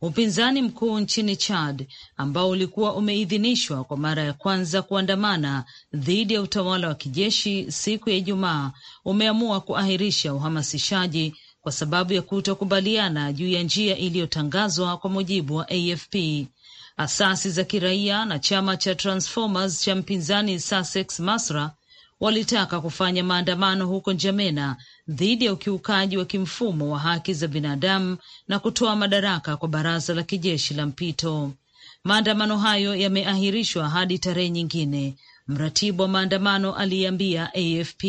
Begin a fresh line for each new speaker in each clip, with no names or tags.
upinzani mkuu nchini Chad ambao ulikuwa umeidhinishwa kwa mara ya kwanza kuandamana dhidi ya utawala wa kijeshi siku ya Ijumaa umeamua kuahirisha uhamasishaji kwa sababu ya kutokubaliana juu ya njia iliyotangazwa kwa mujibu wa AFP. Asasi za kiraia na chama cha Transformers cha mpinzani Sasex Masra walitaka kufanya maandamano huko Njamena dhidi ya ukiukaji wa kimfumo wa haki za binadamu na kutoa madaraka kwa baraza la kijeshi la mpito. Maandamano hayo yameahirishwa hadi tarehe nyingine, mratibu wa maandamano aliyeambia AFP.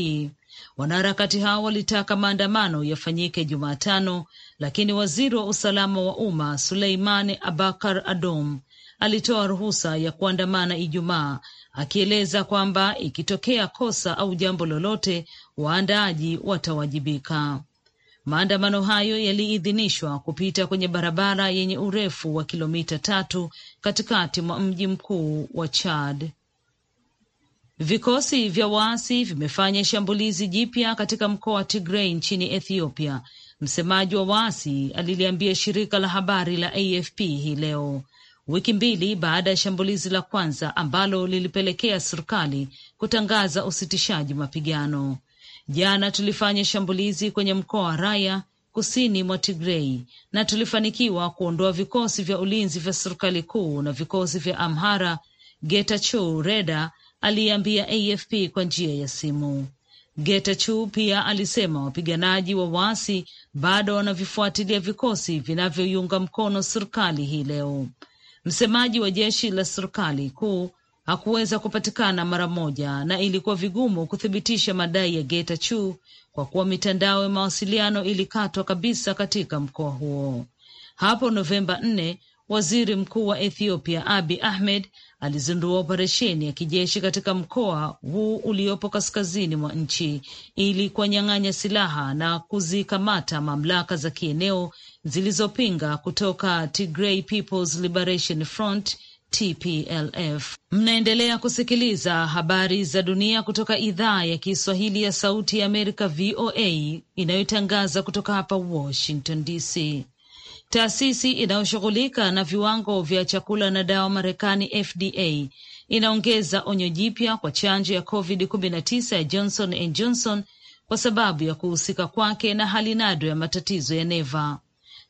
Wanaharakati hao walitaka maandamano yafanyike Jumatano, lakini waziri wa usalama wa umma Suleiman Abakar Adom alitoa ruhusa ya kuandamana Ijumaa, akieleza kwamba ikitokea kosa au jambo lolote waandaaji watawajibika. Maandamano hayo yaliidhinishwa kupita kwenye barabara yenye urefu wa kilomita tatu katikati mwa mji mkuu wa Chad. Vikosi vya waasi vimefanya shambulizi jipya katika mkoa wa Tigrei nchini Ethiopia. Msemaji wa waasi aliliambia shirika la habari la AFP hii leo, wiki mbili baada ya shambulizi la kwanza ambalo lilipelekea serikali kutangaza usitishaji mapigano. Jana tulifanya shambulizi kwenye mkoa wa Raya kusini mwa Tigrei na tulifanikiwa kuondoa vikosi vya ulinzi vya serikali kuu na vikosi vya Amhara, Getachew Reda aliyeambia AFP kwa njia ya simu. Getachew pia alisema wapiganaji wa waasi bado wanavifuatilia vikosi vinavyoiunga mkono serikali hii leo. Msemaji wa jeshi la serikali kuu hakuweza kupatikana mara moja na ilikuwa vigumu kuthibitisha madai ya Getachew kwa kuwa mitandao ya mawasiliano ilikatwa kabisa katika mkoa huo. Hapo Novemba nne, waziri mkuu wa Ethiopia Abi Ahmed alizindua operesheni ya kijeshi katika mkoa huu uliopo kaskazini mwa nchi ili kuwanyang'anya silaha na kuzikamata mamlaka za kieneo zilizopinga kutoka Tigray People's Liberation Front TPLF. Mnaendelea kusikiliza habari za dunia kutoka idhaa ya Kiswahili ya Sauti ya Amerika, VOA, inayotangaza kutoka hapa Washington DC. Taasisi inayoshughulika na viwango vya chakula na dawa Marekani, FDA, inaongeza onyo jipya kwa chanjo ya COVID-19 ya Johnson and Johnson kwa sababu ya kuhusika kwake na hali nadra ya matatizo ya neva.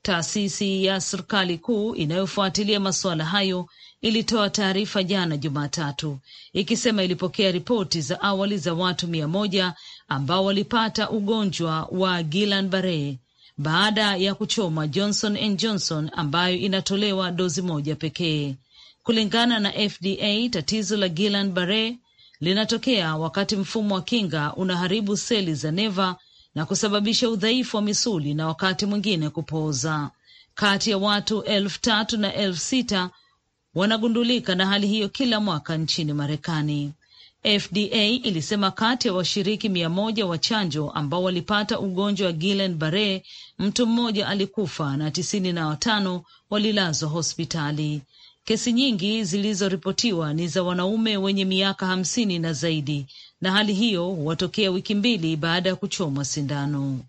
Taasisi ya serikali kuu inayofuatilia masuala hayo ilitoa taarifa jana Jumatatu ikisema ilipokea ripoti za awali za watu mia moja ambao walipata ugonjwa wa Guillain-Barre baada ya kuchoma Johnson and Johnson ambayo inatolewa dozi moja pekee. Kulingana na FDA, tatizo la Guillain-Barre linatokea wakati mfumo wa kinga unaharibu seli za neva na kusababisha udhaifu wa misuli na wakati mwingine kupooza. Kati ya watu elfu tatu na elfu sita wanagundulika na hali hiyo kila mwaka nchini Marekani. FDA ilisema kati ya washiriki mia moja wa chanjo ambao walipata ugonjwa wa Guillain-Barre mtu mmoja alikufa na tisini na watano walilazwa hospitali. Kesi nyingi zilizoripotiwa ni za wanaume wenye miaka hamsini na zaidi, na hali hiyo huwatokea wiki mbili baada ya kuchomwa sindano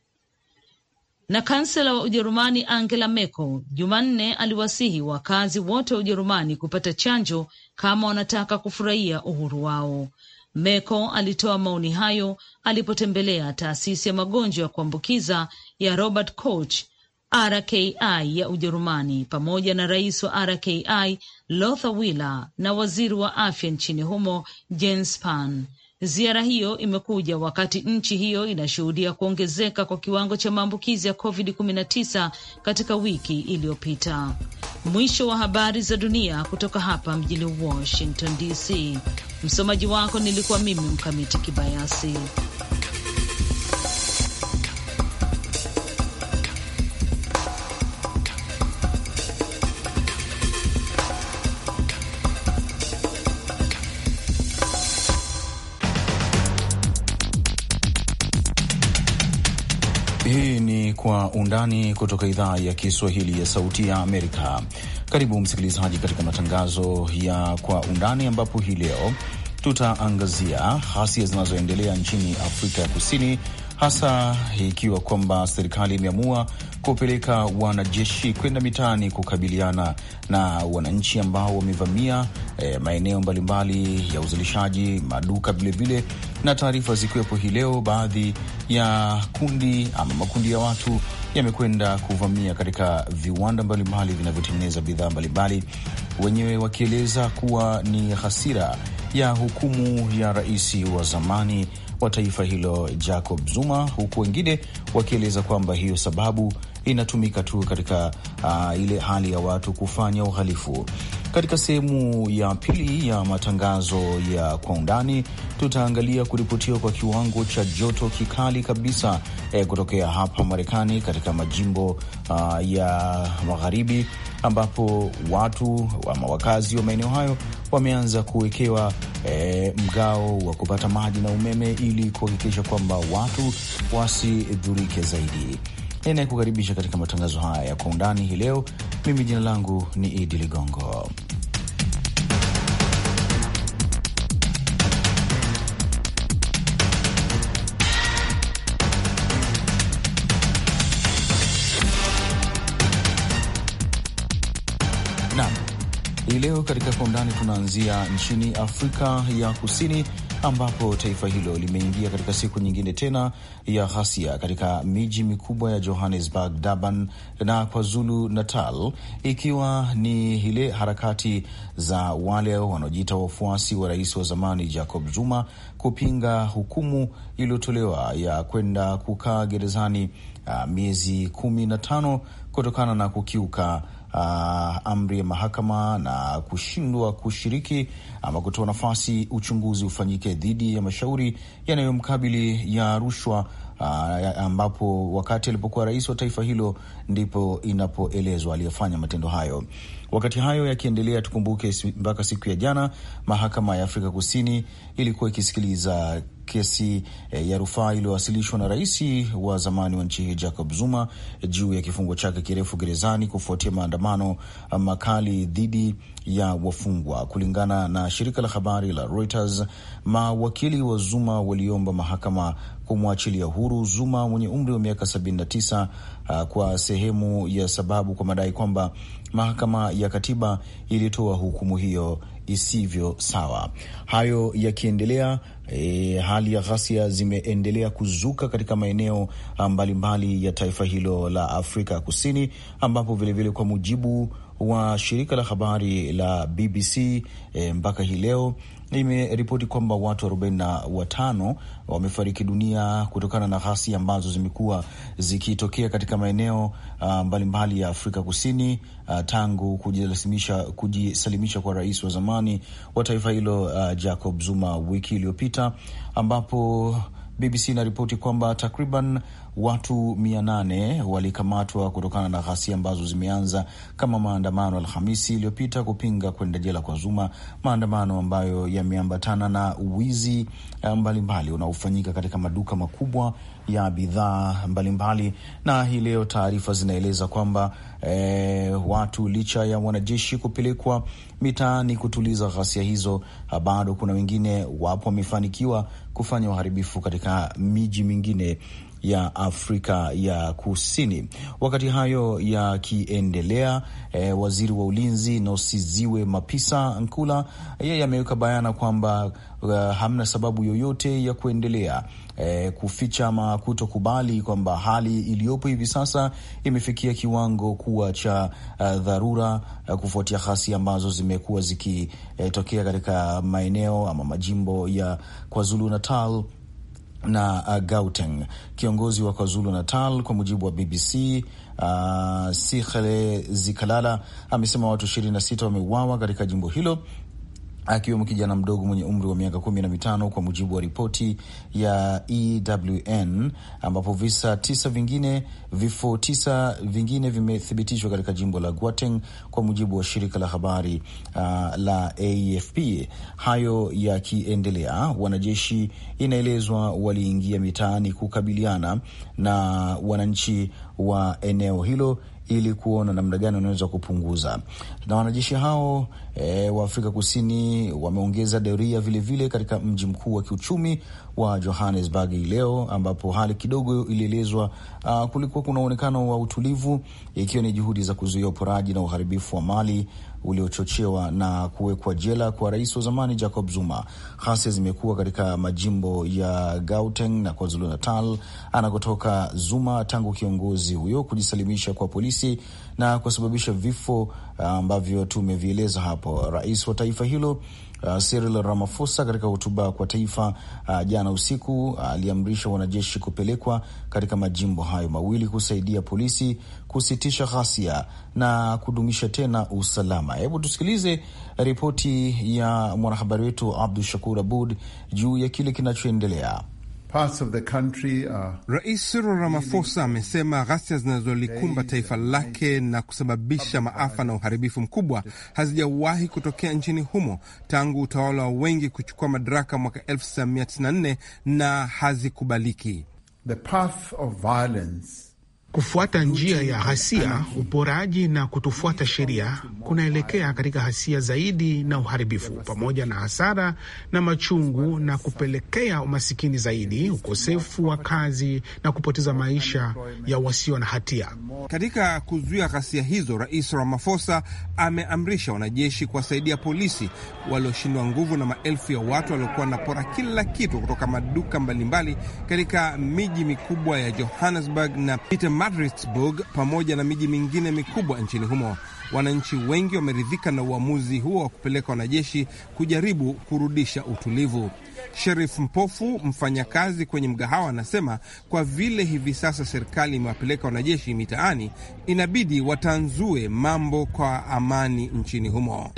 na kansela wa Ujerumani Angela Merkel Jumanne aliwasihi wakazi wote wa Ujerumani kupata chanjo kama wanataka kufurahia uhuru wao. Merkel alitoa maoni hayo alipotembelea taasisi ya magonjwa ya kuambukiza ya Robert Koch RKI ya Ujerumani pamoja na rais wa RKI Lothar Wieler na waziri wa afya nchini humo Jens Spahn. Ziara hiyo imekuja wakati nchi hiyo inashuhudia kuongezeka kwa kiwango cha maambukizi ya COVID-19 katika wiki iliyopita. Mwisho wa habari za dunia kutoka hapa mjini Washington DC. Msomaji wako nilikuwa mimi Mkamiti Kibayasi.
undani kutoka idhaa ya Kiswahili ya Sauti ya Amerika. Karibu msikilizaji, katika matangazo ya kwa undani, ambapo hii leo tutaangazia ghasia zinazoendelea nchini Afrika ya Kusini hasa ikiwa kwamba serikali imeamua kupeleka wanajeshi kwenda mitaani kukabiliana na wananchi ambao wamevamia e, maeneo mbalimbali ya uzalishaji, maduka vilevile, na taarifa zikiwepo hii leo, baadhi ya kundi ama makundi ya watu yamekwenda kuvamia katika viwanda mbalimbali vinavyotengeneza bidhaa mbalimbali, wenyewe wakieleza kuwa ni hasira ya hukumu ya rais wa zamani wa taifa hilo Jacob Zuma, huku wengine wakieleza kwamba hiyo sababu inatumika tu katika uh, ile hali ya watu kufanya uhalifu. Katika sehemu ya pili ya matangazo ya kwa undani, tutaangalia kuripotiwa kwa kiwango cha joto kikali kabisa eh, kutokea hapa Marekani katika majimbo uh, ya magharibi ambapo watu ama wakazi wa maeneo hayo wameanza kuwekewa e, mgao wa kupata maji na umeme ili kuhakikisha kwamba watu wasidhurike zaidi. Ninayekukaribisha katika matangazo haya ya kwa undani hii leo, mimi jina langu ni Idi Ligongo. katika kwa undani tunaanzia nchini Afrika ya Kusini ambapo taifa hilo limeingia katika siku nyingine tena ya ghasia katika miji mikubwa ya Johannesburg, Durban na KwaZulu Natal, ikiwa ni ile harakati za wale wanaojiita wafuasi wa rais wa zamani Jacob Zuma kupinga hukumu iliyotolewa ya kwenda kukaa gerezani ah, miezi kumi na tano kutokana na kukiuka uh, amri ya mahakama na kushindwa kushiriki ama kutoa nafasi uchunguzi ufanyike dhidi ya mashauri yanayomkabili ya rushwa. Uh, ambapo wakati alipokuwa rais wa taifa hilo ndipo inapoelezwa aliyefanya matendo hayo. Wakati hayo yakiendelea, tukumbuke mpaka siku ya jana mahakama ya Afrika Kusini ilikuwa ikisikiliza kesi e, ya rufaa iliyowasilishwa na rais wa zamani wa nchi hii Jacob Zuma juu ya kifungo chake kirefu gerezani kufuatia maandamano makali dhidi ya wafungwa. Kulingana na shirika la habari la Reuters, mawakili wa Zuma waliomba mahakama kumwachilia huru Zuma mwenye umri wa miaka 79 uh, kwa sehemu ya sababu kwa madai kwamba mahakama ya katiba ilitoa hukumu hiyo isivyo sawa. Hayo yakiendelea, e, hali ya ghasia zimeendelea kuzuka katika maeneo ah, mbalimbali ya taifa hilo la Afrika Kusini, ambapo vilevile vile kwa mujibu wa shirika la habari la BBC e, eh, mpaka hii leo imeripoti kwamba watu 45 watano wamefariki dunia kutokana na ghasia ambazo zimekuwa zikitokea katika maeneo ah, mbalimbali uh, mbali ya Afrika Kusini uh, tangu kujisalimisha, kujisalimisha kwa rais wa zamani wa taifa hilo uh, Jacob Zuma wiki iliyopita ambapo BBC inaripoti kwamba takriban watu mia nane walikamatwa kutokana na ghasia ambazo zimeanza kama maandamano Alhamisi iliyopita kupinga kwenda jela kwa Zuma, maandamano ambayo yameambatana na wizi eh, mbalimbali unaofanyika katika maduka makubwa ya bidhaa mbalimbali. Na hii leo taarifa zinaeleza kwamba e, watu licha ya wanajeshi kupelekwa mitaani kutuliza ghasia hizo, ah, bado kuna wengine wapo wamefanikiwa kufanya uharibifu katika miji mingine ya Afrika ya Kusini. Wakati hayo yakiendelea, e, waziri wa ulinzi Nosiziwe Mapisa Nkula yeye ameweka bayana kwamba uh, hamna sababu yoyote ya kuendelea E, kuficha ama kutokubali kwamba hali iliyopo hivi sasa imefikia kiwango kuwa cha uh, dharura uh, kufuatia ghasia ambazo zimekuwa zikitokea uh, katika maeneo ama majimbo ya KwaZulu Natal na uh, Gauteng. Kiongozi wa KwaZulu Natal, kwa mujibu wa BBC uh, Sikhele Zikalala amesema watu 26 wameuawa katika jimbo hilo akiwemo kijana mdogo mwenye umri wa miaka kumi na mitano kwa mujibu wa ripoti ya EWN, ambapo visa tisa vingine vifo tisa vingine vimethibitishwa katika jimbo la Gauteng kwa mujibu wa shirika la habari uh, la AFP. Hayo yakiendelea, wanajeshi inaelezwa waliingia mitaani kukabiliana na wananchi wa eneo hilo ili kuona namna gani wanaweza kupunguza. Na wanajeshi hao e, wa Afrika Kusini wameongeza doria vilevile katika mji mkuu wa kiuchumi wa Johannesburg hii leo, ambapo hali kidogo ilielezwa kulikuwa kuna uonekano wa utulivu, ikiwa ni juhudi za kuzuia uporaji na uharibifu wa mali uliochochewa na kuwekwa jela kwa rais wa zamani Jacob Zuma. Ghasia zimekuwa katika majimbo ya Gauteng na KwaZulu Natal anakotoka Zuma tangu kiongozi huyo kujisalimisha kwa polisi na kusababisha vifo ambavyo tumevieleza hapo. Rais wa taifa hilo uh, Cyril Ramaphosa katika hotuba kwa taifa uh, jana usiku uh, aliamrisha uh, wanajeshi kupelekwa katika majimbo hayo mawili kusaidia polisi kusitisha ghasia na kudumisha tena usalama. Hebu tusikilize ripoti ya mwanahabari wetu Abdu Shakur Abud juu ya kile kinachoendelea. Rais Cyril Ramaphosa amesema ghasia zinazolikumba
taifa lake na kusababisha maafa na uharibifu mkubwa hazijawahi kutokea nchini humo tangu utawala wa wengi kuchukua madaraka mwaka 1994 na hazikubaliki. The path of violence Kufuata njia ya ghasia, uporaji na kutofuata sheria kunaelekea katika ghasia zaidi na uharibifu, pamoja na hasara na machungu, na kupelekea umasikini zaidi, ukosefu wa kazi na kupoteza maisha ya wasio na hatia. Katika kuzuia ghasia hizo, Rais Ramaphosa ameamrisha wanajeshi kuwasaidia polisi walioshindwa nguvu na maelfu ya watu waliokuwa wanapora kila kitu kutoka maduka mbalimbali katika miji mikubwa ya Johannesburg na Magdeburg pamoja na miji mingine mikubwa nchini humo. Wananchi wengi wameridhika na uamuzi huo wa kupeleka wanajeshi kujaribu kurudisha utulivu. Sherif Mpofu, mfanyakazi kwenye mgahawa, anasema kwa vile hivi sasa serikali imewapeleka wanajeshi mitaani, inabidi watanzue mambo kwa amani nchini humo.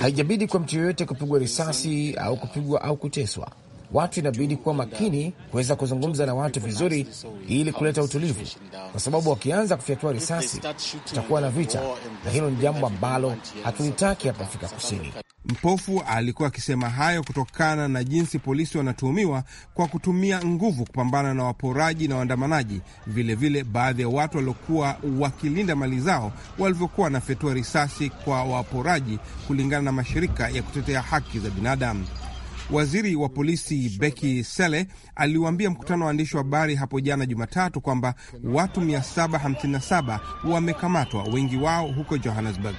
Haijabidi kwa mtu yoyote kupigwa risasi au kupigwa au kuteswa watu inabidi kuwa makini kuweza kuzungumza na watu vizuri, ili kuleta utulivu, kwa sababu wakianza kufyatua risasi tutakuwa na vita, na hilo ni jambo ambalo hatulitaki hapa Afrika Kusini.
Mpofu alikuwa akisema hayo kutokana na jinsi polisi wanatuhumiwa kwa kutumia nguvu kupambana na waporaji na waandamanaji, vilevile baadhi ya watu waliokuwa wakilinda mali zao walivyokuwa wanafyatua risasi kwa waporaji, kulingana na mashirika ya kutetea haki za binadamu. Waziri wa polisi Beki Sele aliwaambia mkutano wa waandishi wa habari hapo jana Jumatatu kwamba watu 757 wamekamatwa, wengi wao huko Johannesburg.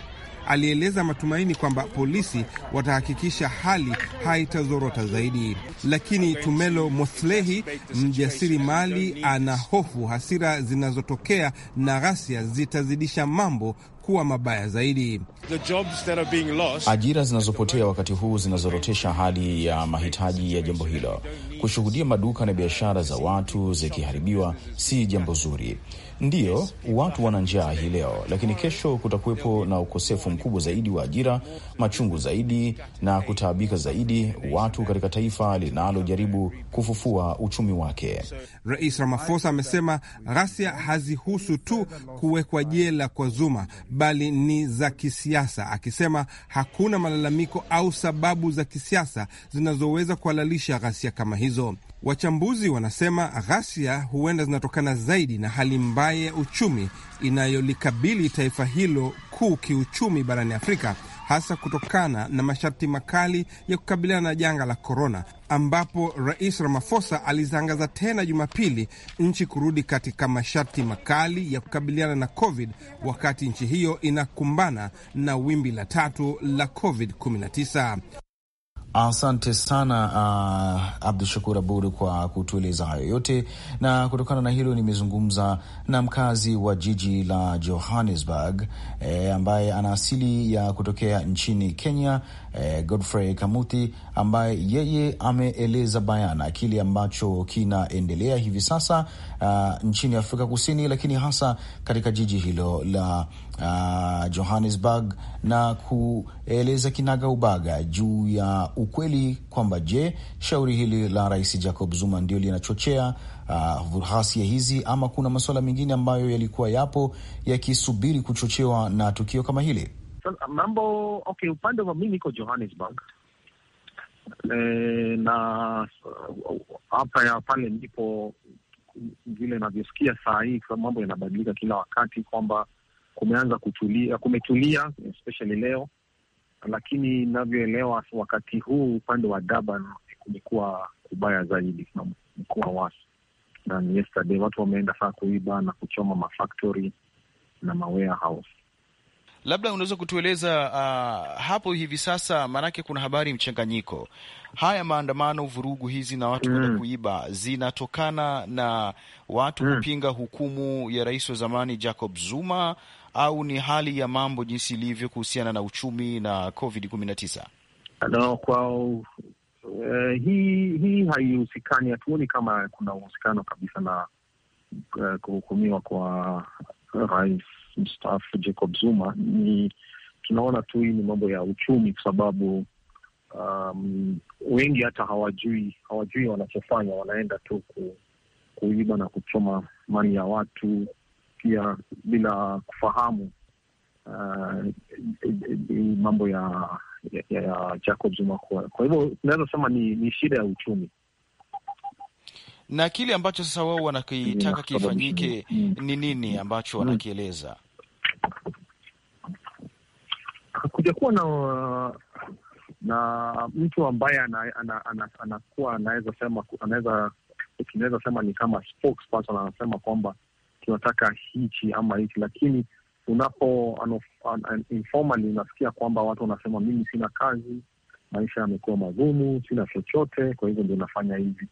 Alieleza matumaini kwamba polisi watahakikisha hali haitazorota zaidi, lakini Tumelo Mothlehi, mjasiri mali, ana hofu hasira zinazotokea na ghasia zitazidisha mambo kuwa
mabaya zaidi. The jobs that are being lost, ajira zinazopotea wakati huu zinazorotesha hali ya mahitaji ya jambo hilo. Kushuhudia maduka na biashara za watu zikiharibiwa si jambo zuri. Ndiyo, watu wana njaa hii leo, lakini kesho kutakuwepo na ukosefu mkubwa zaidi wa ajira, machungu zaidi na kutaabika zaidi watu katika taifa linalojaribu kufufua uchumi wake.
Rais Ramaphosa amesema ghasia hazihusu tu kuwekwa jela kwa Zuma, bali ni za kisiasa, akisema hakuna malalamiko au sababu za kisiasa zinazoweza kuhalalisha ghasia kama hizi hizo. Wachambuzi wanasema ghasia huenda zinatokana zaidi na hali mbaya ya uchumi inayolikabili taifa hilo kuu kiuchumi barani Afrika, hasa kutokana na masharti makali ya kukabiliana na janga la korona, ambapo Rais Ramaphosa alizangaza tena Jumapili nchi kurudi katika masharti makali ya kukabiliana na COVID wakati nchi hiyo inakumbana na wimbi la tatu
la COVID-19. Asante sana uh, Abdu Shakur Abud kwa kutueleza hayo yote, na kutokana na hilo nimezungumza na mkazi wa jiji la Johannesburg eh, ambaye ana asili ya kutokea nchini Kenya eh, Godfrey Kamuti ambaye yeye ameeleza bayana kile ambacho kinaendelea hivi sasa uh, nchini Afrika Kusini, lakini hasa katika jiji hilo la uh, Johannesburg na kueleza kinaga ubaga juu ya ukweli kwamba je, shauri hili la Rais Jacob Zuma ndio linachochea uh, hizi ama kuna masuala mengine ambayo yalikuwa yapo yakisubiri kuchochewa na tukio kama hili?
mambo okay, upande wa mimi niko Johannesburg e, na hapa ya pale ndipo vile inavyosikia saa hii, kwa mambo yanabadilika kila wakati, kwamba kumeanza kutulia, kumetulia especially leo, lakini inavyoelewa wakati huu upande wa Durban kumekuwa kubaya zaidi, kumekuwa wasi na yesterday watu wameenda saa kuiba na kuchoma mafactory na mawarehouse
labda unaweza kutueleza uh, hapo hivi sasa, maanake kuna habari mchanganyiko. Haya maandamano, vurugu hizi na watu kwenda mm. kuiba zinatokana na watu mm. kupinga hukumu ya rais wa zamani Jacob Zuma, au ni hali ya mambo jinsi ilivyo kuhusiana na uchumi na Covid 19? No, kwa uh,
eh, hii hii haihusikani, hatuoni kama kuna uhusikano kabisa na uh, kuhukumiwa kwa rais mstaafu Jacob Zuma, ni tunaona tu hii ni mambo ya uchumi, kwa sababu um, wengi hata hawajui hawajui wanachofanya, wanaenda tu ku, kuiba na kuchoma mali ya watu pia bila kufahamu uh, mambo ya, ya, ya Jacob Zuma. Kwa hivyo tunaweza
sema ni, ni
shida ya uchumi
na kile ambacho sasa wao wanakitaka kifanyike mm. ni nini ambacho mm. wanakieleza?
kuwa na na mtu ambaye anakuwa anaweza sema anaweza tunaweza sema ni kama spokesperson anasema kwamba tunataka hichi ama hichi, lakini unapo anof, an, an, informally unasikia kwamba watu wanasema mimi sina kazi, maisha yamekuwa magumu, sina chochote, kwa hivyo ndio nafanya hivi.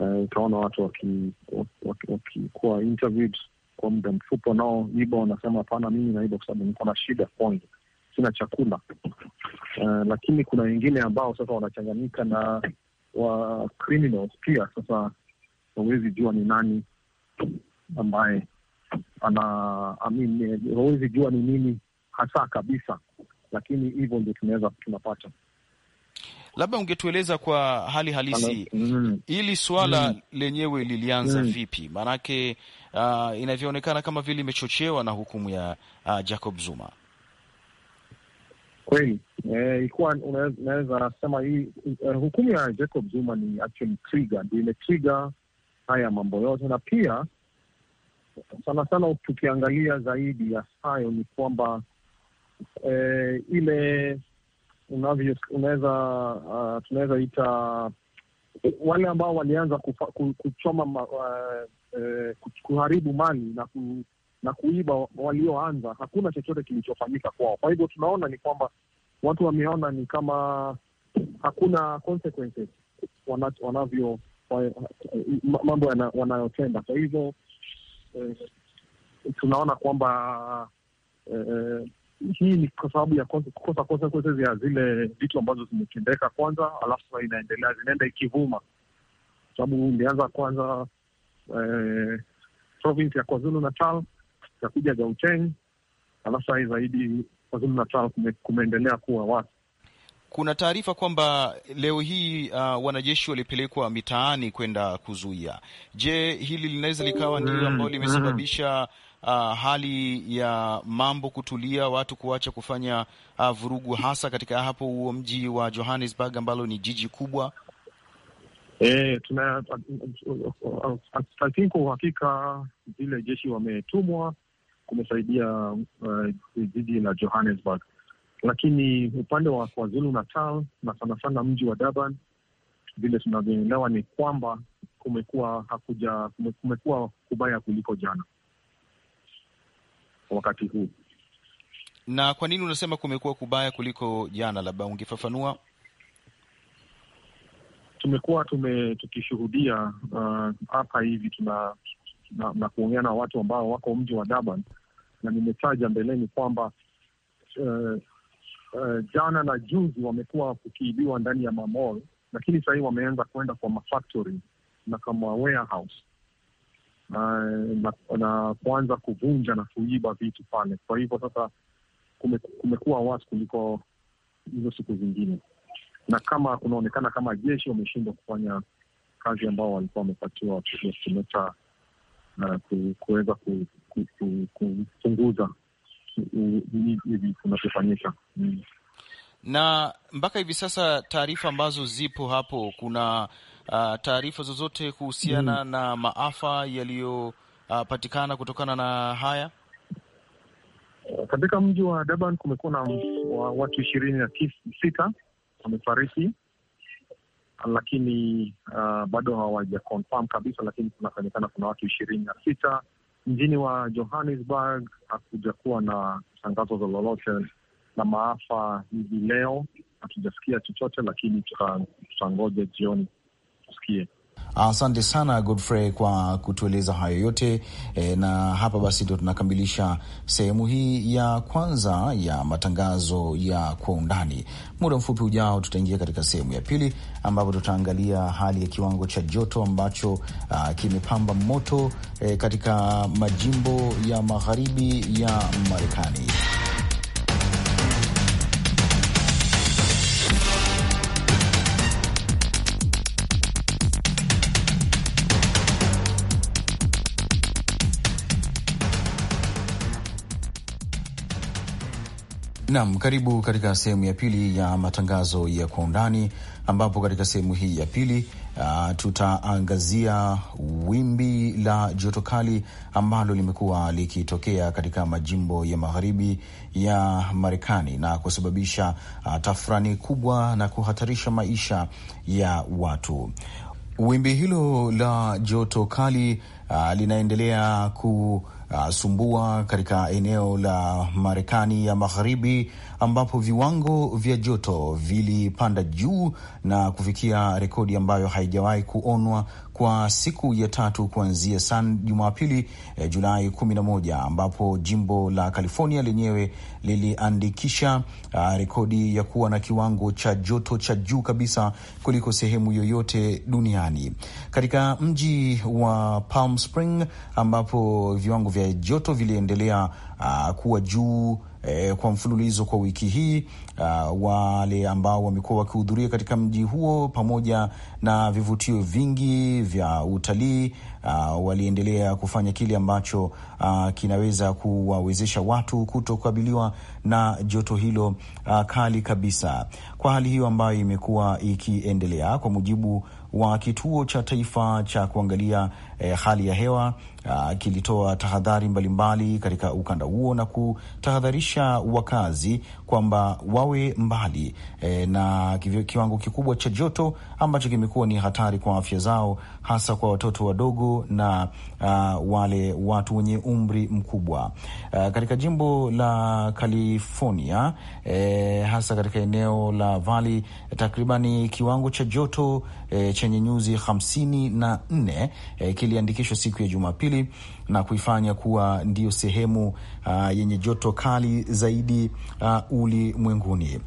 Eh, utaona watu wakikuwa waki, waki, waki interviewed kwa muda mfupi wanaoiba wanasema hapana, mimi naiba kwa sababu niko na shida kwanza, sina chakula uh, lakini kuna wengine ambao sasa wanachanganyika na wa criminals pia. Sasa wawezi jua ni nani ambaye ana wawezi jua ni nini hasa kabisa, lakini hivyo ndio tunaweza tunapata
labda ungetueleza kwa hali halisi hili mm. swala mm. lenyewe lilianza mm. vipi? Maanake uh, inavyoonekana kama vile imechochewa na hukumu ya uh, Jacob Zuma.
Kweli eh, ilikuwa e, unaweza sema hii uh, hukumu ya Jacob Zuma ni actually trigger, ndio imetriga haya mambo yote, na pia sana sana tukiangalia zaidi ya hayo ni kwamba e, ile unavyo unaweza uh, tunaweza ita wale ambao walianza kufa, kuchoma ma, uh, eh, kuharibu mali na, ku, na kuiba walioanza, hakuna chochote kilichofanyika kwao. Kwa hivyo tunaona ni kwamba watu wameona ni kama hakuna consequences wanavyo mambo wanayotenda. Kwa hivyo eh, tunaona kwamba eh, eh hii ni kwa sababu ya kukosa consequences ya zile vitu ambazo zimetendeka kwanza, alafu sasa inaendelea zinaenda ikivuma, kwa sababu ilianza kwanza eh, province ya KwaZulu Natal, ikakuja Gauteng, alafu sahii zaidi KwaZulu Natal kume, kumeendelea kuwa wasi
kuna taarifa kwamba leo hii uh, wanajeshi walipelekwa mitaani kwenda kuzuia. Je, hili linaweza likawa ndilo mm-hmm. ambalo limesababisha uh, hali ya mambo kutulia, watu kuacha kufanya uh, vurugu, hasa katika hapo huo mji wa Johannesburg ambalo ni jiji kubwa?
E, tuna kwa uhakika vile jeshi wametumwa kumesaidia uh, eh, jiji la Johannesburg, lakini upande wa KwaZulu Natal na sana sana mji wa Durban, vile tunavyoelewa ni kwamba kumekuwa hakuja kumekuwa kubaya kuliko jana wakati huu.
Na kwa nini unasema kumekuwa kubaya kuliko jana? Labda ungefafanua.
Tumekuwa tume tukishuhudia uh, hapa uh, hivi tuna na, na kuongea na watu ambao wako mji wa Durban na nimetaja mbeleni kwamba uh, uh, jana na juzi wamekuwa kukiibiwa ndani ya mamall, lakini sahii wameanza kuenda kwa mafactory na kama warehouse na, na kuanza kuvunja na kuiba vitu pale. Kwa hivyo sasa kumekuwa wasi kuliko hizo siku zingine, na kama kunaonekana kama jeshi wameshindwa kufanya kazi ambao walikuwa wamepatiwa wapiga kuweza kupunguza hivi kunachofanyika
na mpaka hivi sasa taarifa ambazo zipo hapo, kuna uh, taarifa zozote kuhusiana mm, na maafa yaliyopatikana ah, uh, kutokana na haya?
Katika mji wa Durban kumekuwa na watu ishirini na sita wamefariki, lakini uh, bado hawaja confirm kabisa, lakini kunasemekana kuna watu ishirini na sita. Mjini wa Johannesburg hakuja kuwa na tangazo lolote na maafa hivi leo, hatujasikia chochote, lakini tutangoja jioni
tusikie. Asante sana Godfrey kwa kutueleza hayo yote e. Na hapa basi ndio tunakamilisha sehemu hii ya kwanza ya matangazo ya kwa undani. Muda mfupi ujao, tutaingia katika sehemu ya pili ambapo tutaangalia hali ya kiwango cha joto ambacho kimepamba moto e, katika majimbo ya magharibi ya Marekani. Naam, karibu katika sehemu ya pili ya matangazo ya kwa undani, ambapo katika sehemu hii ya pili uh, tutaangazia wimbi la joto kali ambalo limekuwa likitokea katika majimbo ya magharibi ya Marekani na kusababisha uh, ah, tafrani kubwa na kuhatarisha maisha ya watu. Wimbi hilo la joto kali uh, linaendelea ku uh, sumbua katika eneo la Marekani ya Magharibi ambapo viwango vya joto vilipanda juu na kufikia rekodi ambayo haijawahi kuonwa kwa siku ya tatu kuanzia san Jumapili eh, Julai 11 ambapo jimbo la California lenyewe liliandikisha uh, rekodi ya kuwa na kiwango cha joto cha juu kabisa kuliko sehemu yoyote duniani katika mji wa Palm Spring ambapo viwango vya joto viliendelea uh, kuwa juu eh, kwa mfululizo kwa wiki hii uh, wale ambao wamekuwa wakihudhuria katika mji huo pamoja na vivutio vingi vya utalii uh, waliendelea kufanya kile ambacho uh, kinaweza kuwawezesha watu kutokabiliwa na joto hilo uh, kali kabisa, kwa hali hiyo ambayo imekuwa ikiendelea kwa mujibu wa kituo cha taifa cha kuangalia eh, hali ya hewa uh, kilitoa tahadhari mbalimbali katika ukanda huo na kutahadharisha wakazi kwamba wawe mbali eh, na kiwango kikubwa cha joto ambacho kimekuwa ni hatari kwa afya zao, hasa kwa watoto wadogo na uh, wale watu wenye umri mkubwa uh, katika jimbo la California eh, hasa katika eneo la Valley, takribani kiwango cha joto E, chenye nyuzi hamsini na nne e, kiliandikishwa siku ya Jumapili na kuifanya kuwa ndiyo sehemu a, ah, yenye joto kali zaidi ulimwenguni.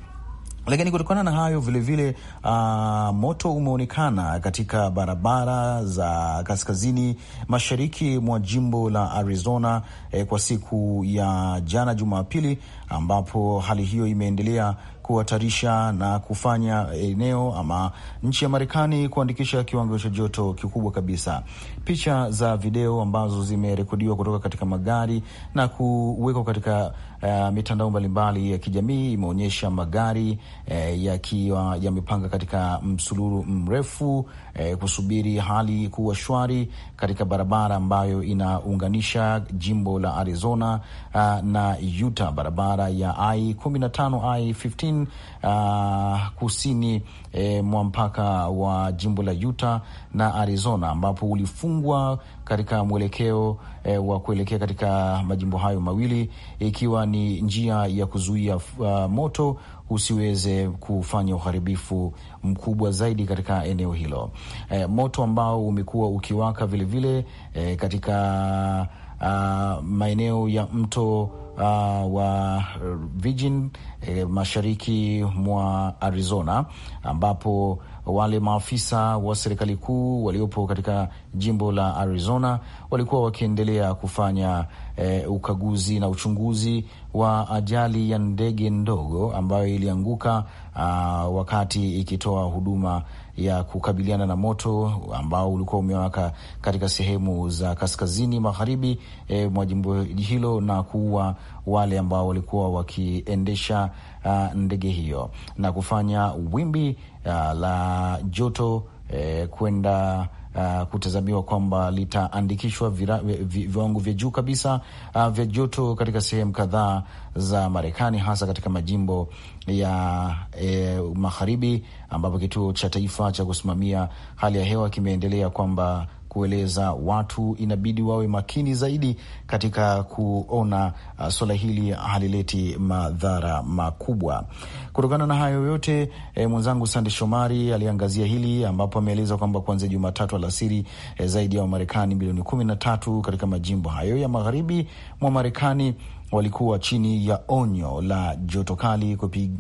Lakini kutokana na hayo vilevile vile, uh, moto umeonekana katika barabara za kaskazini mashariki mwa jimbo la Arizona eh, kwa siku ya jana Jumapili, ambapo hali hiyo imeendelea kuhatarisha na kufanya eneo ama nchi ya Marekani kuandikisha kiwango cha joto kikubwa kabisa. Picha za video ambazo zimerekodiwa kutoka katika magari na kuwekwa katika uh, mitandao mbalimbali ya kijamii imeonyesha magari uh, yakiwa yamepanga katika msururu mrefu e, kusubiri hali kuwa shwari katika barabara ambayo inaunganisha jimbo la Arizona uh, na Utah, barabara ya I-15 I-15, uh, kusini e, mwa mpaka wa jimbo la Utah na Arizona, ambapo ulifungwa katika mwelekeo e, wa kuelekea katika majimbo hayo mawili, ikiwa ni njia ya kuzuia uh, moto usiweze kufanya uharibifu mkubwa zaidi katika eneo hilo. E, moto ambao umekuwa ukiwaka vilevile vile, e, katika a, ah, maeneo ya mto uh, wa uh, Virgin eh, mashariki mwa Arizona ambapo wale maafisa wa serikali kuu waliopo katika jimbo la Arizona walikuwa wakiendelea kufanya eh, ukaguzi na uchunguzi wa ajali ya ndege ndogo ambayo ilianguka uh, wakati ikitoa huduma ya kukabiliana na moto ambao ulikuwa umewaka katika sehemu za kaskazini magharibi e, mwa jimbo hilo na kuua wale ambao walikuwa wakiendesha uh, ndege hiyo na kufanya wimbi uh, la joto e, kwenda uh, kutazamiwa kwamba litaandikishwa viwango vya juu kabisa uh, vya joto katika sehemu kadhaa za Marekani, hasa katika majimbo ya eh, magharibi ambapo kituo cha taifa cha kusimamia hali ya hewa kimeendelea kwamba kueleza watu inabidi wawe makini zaidi katika kuona uh, suala hili halileti madhara makubwa. Kutokana na hayo yote e, mwenzangu Sande Shomari aliangazia hili ambapo ameeleza kwamba kuanzia Jumatatu alasiri e, zaidi ya Wamarekani milioni kumi na tatu katika majimbo hayo ya magharibi mwa Marekani walikuwa chini ya onyo la joto kali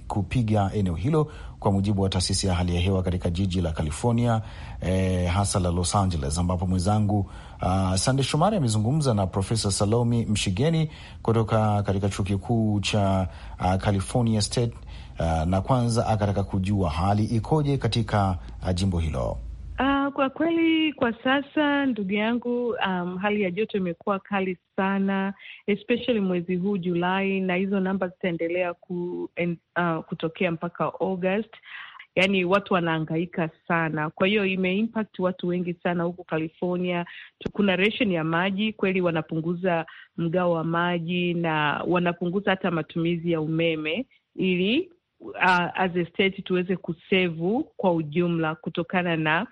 kupiga eneo hilo kwa mujibu wa taasisi ya hali ya hewa katika jiji la California eh, hasa la Los Angeles, ambapo mwenzangu uh, Sande Shomari amezungumza na Profesa Salomi Mshigeni kutoka katika chuo kikuu cha uh, California State uh, na kwanza akataka kujua hali ikoje katika uh, jimbo hilo.
Uh, kwa kweli kwa sasa ndugu yangu, um, hali ya joto imekuwa kali sana especially mwezi huu Julai, na hizo namba zitaendelea ku, uh, kutokea mpaka August. Yaani watu wanaangaika sana, kwa hiyo imeimpact watu wengi sana huku California. Kuna ration ya maji kweli, wanapunguza mgao wa maji na wanapunguza hata matumizi ya umeme ili uh, as a state tuweze kusevu kwa ujumla kutokana na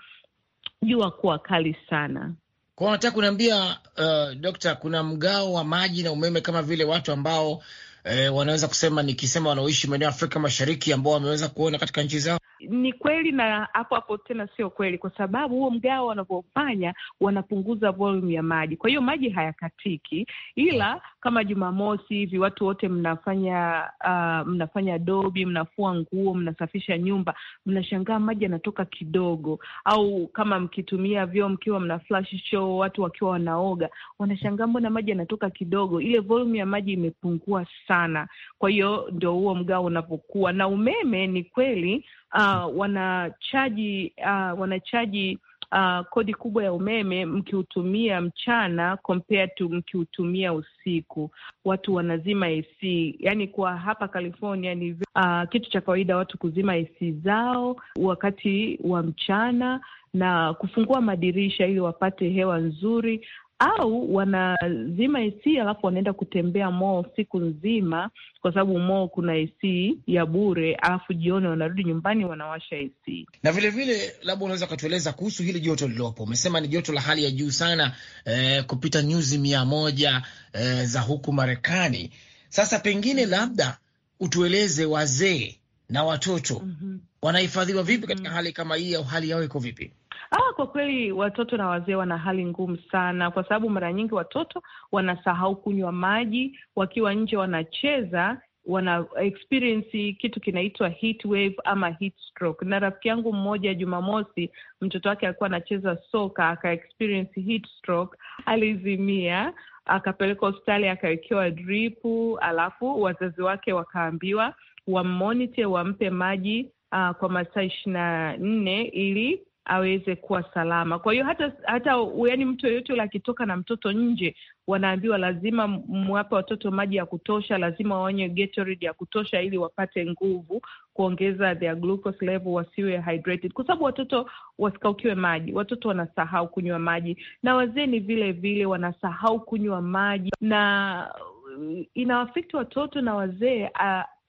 jua kuwa kali sana. Kwa nataka kuniambia uh,
dokta, kuna mgao wa maji na umeme kama vile watu ambao eh, wanaweza kusema nikisema
wanaoishi maeneo ya Afrika Mashariki ambao wameweza kuona katika nchi zao ni kweli na hapo hapo tena sio kweli, kwa sababu huo mgao wanavyofanya wanapunguza volume ya maji, kwa hiyo maji hayakatiki, ila kama Jumamosi hivi watu wote mnafanya uh, mnafanya dobi, mnafua nguo, mnasafisha nyumba, mnashangaa maji yanatoka kidogo, au kama mkitumia vyoo mkiwa mna flash show, watu wakiwa wanaoga wanashangaa mbona maji yanatoka kidogo, ile volume ya maji imepungua sana. Kwa hiyo ndio huo mgao unapokuwa na umeme, ni kweli uh, wanachaji uh, wanachaji uh, kodi kubwa ya umeme mkiutumia mchana compared to mkiutumia usiku. Watu wanazima AC, yani kwa hapa California ni uh, kitu cha kawaida watu kuzima AC zao wakati wa mchana na kufungua madirisha ili wapate hewa nzuri au wanazima AC alafu wanaenda kutembea moo siku nzima, kwa sababu moo kuna AC ya bure, alafu jioni wanarudi nyumbani wanawasha AC.
Na vilevile, labda unaweza ukatueleza kuhusu hili joto lililopo. Umesema ni joto la hali ya juu sana, eh, kupita nyuzi mia moja eh, za huku Marekani. Sasa pengine labda utueleze wazee na watoto mm -hmm. wanahifadhiwa vipi katika mm -hmm. hali kama hii, au hali yao iko vipi?
Ah, kwa kweli watoto na wazee wana hali ngumu sana, kwa sababu mara nyingi watoto wanasahau kunywa maji, wakiwa nje wanacheza wana experience kitu kinaitwa heat wave ama heat stroke. Na rafiki yangu mmoja Jumamosi, mtoto wake alikuwa anacheza soka aka experience heat stroke, alizimia, akapelekwa hospitali, akawekewa dripu, alafu wazazi wake wakaambiwa wamonite, wampe maji uh, kwa masaa ishirini na nne ili aweze kuwa salama. Kwa hiyo hata hata yani, mtu yoyote yule akitoka na mtoto nje, wanaambiwa lazima mwape watoto maji ya kutosha, lazima wanywe Gatorade ya kutosha ili wapate nguvu, kuongeza their glucose level, wasiwe hydrated, kwa sababu watoto wasikaukiwe maji. Watoto wanasahau kunywa maji, na wazee ni vile vile wanasahau kunywa maji na mm, inawafikti watoto na wazee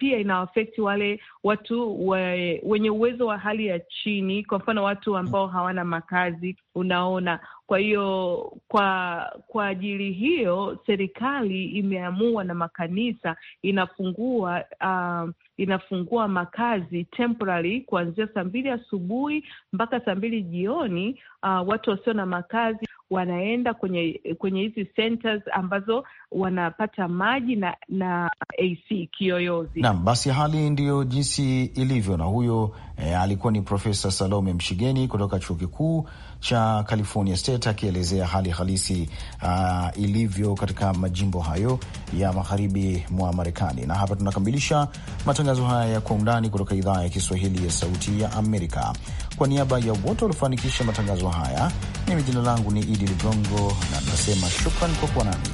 pia afekti wale watu we, wenye uwezo wa hali ya chini, kwa mfano watu ambao hawana makazi, unaona. Kwa hiyo kwa kwa ajili hiyo serikali imeamua na makanisa inafungua uh, inafungua makazi temporary kuanzia saa mbili asubuhi mpaka saa mbili jioni, uh, watu wasio na makazi wanaenda kwenye kwenye hizi centers ambazo wanapata maji na na AC kiyoyozi. Naam,
basi hali ndiyo jinsi ilivyo, na huyo eh, alikuwa ni Profesa Salome Mshigeni kutoka chuo kikuu cha California State akielezea hali halisi uh, ilivyo katika majimbo hayo ya magharibi mwa Marekani. Na hapa tunakamilisha matangazo haya ya kwa undani kutoka idhaa ya Kiswahili ya Sauti ya Amerika. Kwa niaba ya wote waliofanikisha matangazo haya, mimi jina langu ni Idi Ligongo na nasema shukran kwa kuwa nami.